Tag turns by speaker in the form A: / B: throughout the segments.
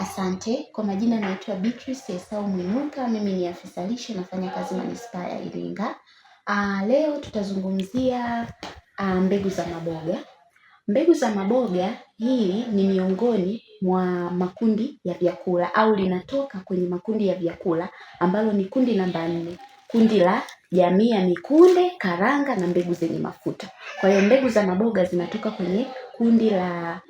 A: Asante kwa majina, naitwa Beatrice Esau Mwinuka, mimi ni afisa lishe, nafanya kazi manispaa ya Iringa. Aa, ah, leo tutazungumzia ah, mbegu za maboga. Mbegu za maboga hii ni miongoni mwa makundi ya vyakula au linatoka kwenye makundi ya vyakula ambalo ni kundi namba nne, kundi la jamii ya mikunde, karanga na mbegu zenye mafuta. Kwa hiyo mbegu za maboga zinatoka kwenye kundi la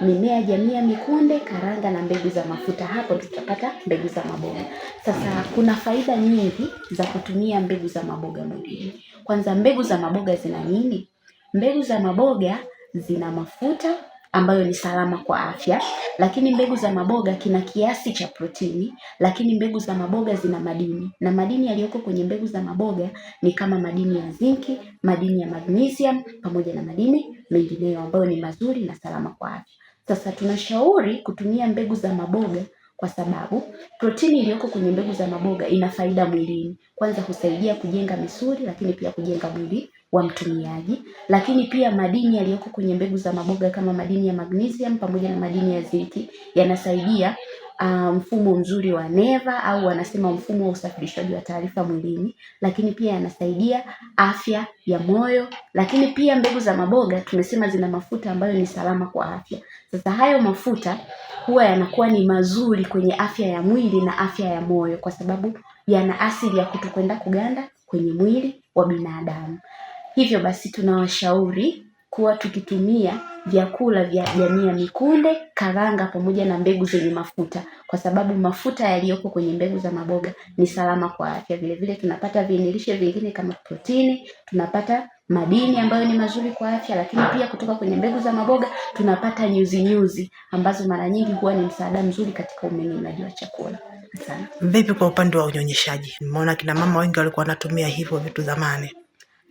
A: mimea jamii ya mikunde, karanga na mbegu za mafuta. Hapo tutapata mbegu za maboga. Sasa kuna faida nyingi za kutumia mbegu za maboga mwilini. Kwanza, mbegu za maboga zina nini? Mbegu za maboga zina mafuta ambayo ni salama kwa afya, lakini mbegu za maboga kina kiasi cha protini, lakini mbegu za maboga zina madini, na madini yaliyoko kwenye mbegu za maboga ni kama madini ya zinki, madini ya magnesium pamoja na madini mengineyo ambayo ni mazuri na salama kwa afya. Sasa tunashauri kutumia mbegu za maboga kwa sababu protini iliyoko kwenye mbegu za maboga ina faida mwilini. Kwanza husaidia kujenga misuli, lakini pia kujenga mwili wa mtumiaji. Lakini pia madini yaliyoko kwenye mbegu za maboga kama madini ya magnesium pamoja na madini ya zinki yanasaidia Ah, mfumo mzuri wa neva au wanasema mfumo wa usafirishaji wa taarifa mwilini, lakini pia yanasaidia afya ya moyo. Lakini pia mbegu za maboga tumesema zina mafuta ambayo ni salama kwa afya. Sasa hayo mafuta huwa yanakuwa ni mazuri kwenye afya ya mwili na afya ya moyo, kwa sababu yana asili ya kutokwenda kuganda kwenye mwili wa binadamu. Hivyo basi tunawashauri kuwa tukitumia vyakula vya jamii ya mikunde, karanga pamoja na mbegu zenye mafuta, kwa sababu mafuta yaliyopo kwenye mbegu za maboga ni salama kwa afya. Vile vile tunapata viinilishe vingine kama protini, tunapata madini ambayo ni mazuri kwa afya, lakini pia kutoka kwenye mbegu za maboga tunapata nyuzi nyuzi ambazo mara nyingi huwa ni msaada mzuri katika umeng'enyaji wa chakula.
B: Asante. Vipi kwa upande wa unyonyeshaji? Nimeona kina mama wengi walikuwa wanatumia hivyo vitu zamani.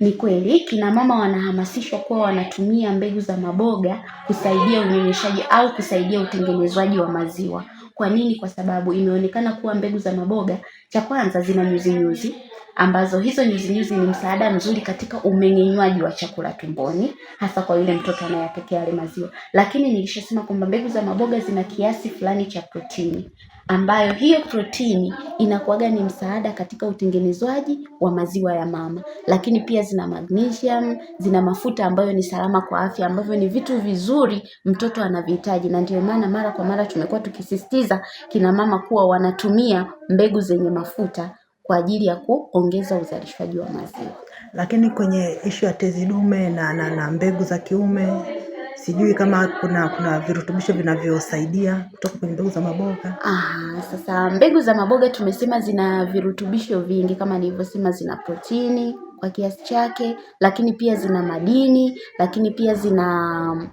A: Ni kweli kina mama wanahamasishwa kuwa wanatumia mbegu za maboga kusaidia unyonyeshaji au kusaidia utengenezwaji wa maziwa. Kwa nini? Kwa sababu imeonekana kuwa mbegu za maboga, cha kwanza zina nyuzinyuzi ambazo hizo nyuzinyuzi ni msaada mzuri katika umeng'enywaji wa chakula tumboni, hasa kwa yule mtoto anayepokea yale maziwa. Lakini nilishasema kwamba mbegu za maboga zina kiasi fulani cha protini, ambayo hiyo protini inakuwaga ni msaada katika utengenezwaji wa maziwa ya mama, lakini pia zina magnesium, zina mafuta ambayo ni salama kwa afya, ambavyo ni vitu vizuri mtoto anavihitaji, na ndio maana mara kwa mara tumekuwa tukisisitiza kina mama kuwa wanatumia mbegu zenye mafuta kwa ajili ya kuongeza uzalishaji wa maziwa.
B: Lakini kwenye ishu ya tezi dume na, na, na mbegu za kiume sijui kama kuna kuna virutubisho vinavyosaidia kutoka kwenye mbegu za maboga.
A: Ah, sasa mbegu za maboga tumesema zina virutubisho vingi kama nilivyosema, zina protini kwa kiasi chake, lakini pia zina madini, lakini pia zina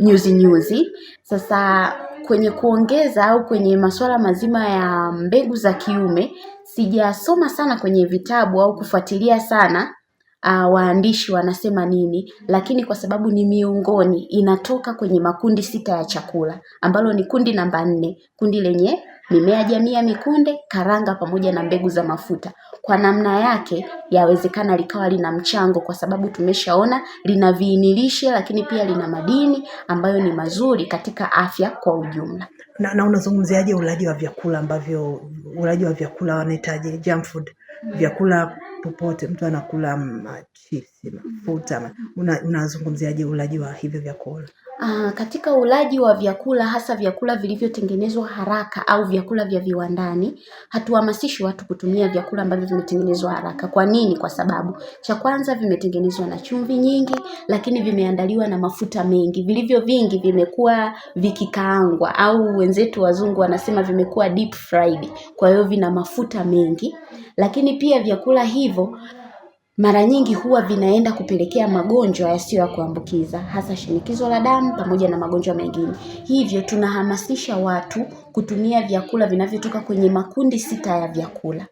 A: nyuzi nyuzi. Sasa kwenye kuongeza au kwenye masuala mazima ya mbegu za kiume sijasoma sana kwenye vitabu au kufuatilia sana Ah, waandishi wanasema nini lakini kwa sababu ni miongoni inatoka kwenye makundi sita ya chakula ambalo ni kundi namba nne kundi lenye mimea jamii ya mikunde karanga pamoja na mbegu za mafuta kwa namna yake yawezekana likawa lina mchango kwa sababu tumeshaona lina viinilishe lakini pia lina madini ambayo ni mazuri katika afya kwa ujumla
B: na, na unazungumziaje ulaji wa vyakula ambavyo ulaji wa vyakula wanahitaji junk food vyakula popote, mtu anakula machipsi, mafuta, unazungumziaje ulaji wa hivyo vyakula?
A: Ah, katika ulaji wa vyakula hasa vyakula vilivyotengenezwa haraka au vyakula vya viwandani, hatuhamasishi watu kutumia vyakula ambavyo vimetengenezwa haraka. Kwa nini? Kwa sababu cha kwanza vimetengenezwa na chumvi nyingi, lakini vimeandaliwa na mafuta mengi. Vilivyo vingi vimekuwa vikikaangwa au wenzetu wazungu wanasema vimekuwa deep fried. Kwa hiyo vina mafuta mengi, lakini pia vyakula hivyo mara nyingi huwa vinaenda kupelekea magonjwa yasiyo ya kuambukiza hasa shinikizo la damu pamoja na magonjwa mengine. Hivyo tunahamasisha watu kutumia vyakula vinavyotoka kwenye makundi sita ya vyakula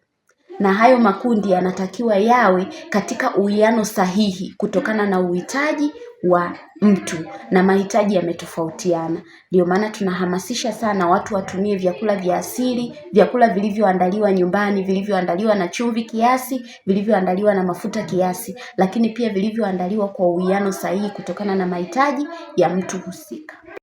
A: na hayo makundi yanatakiwa yawe katika uwiano sahihi kutokana na uhitaji wa mtu na mahitaji yametofautiana. Ndio maana tunahamasisha sana watu watumie vyakula vya asili, vyakula vilivyoandaliwa nyumbani, vilivyoandaliwa na chumvi kiasi, vilivyoandaliwa na mafuta kiasi, lakini pia vilivyoandaliwa kwa uwiano sahihi kutokana na mahitaji ya mtu husika.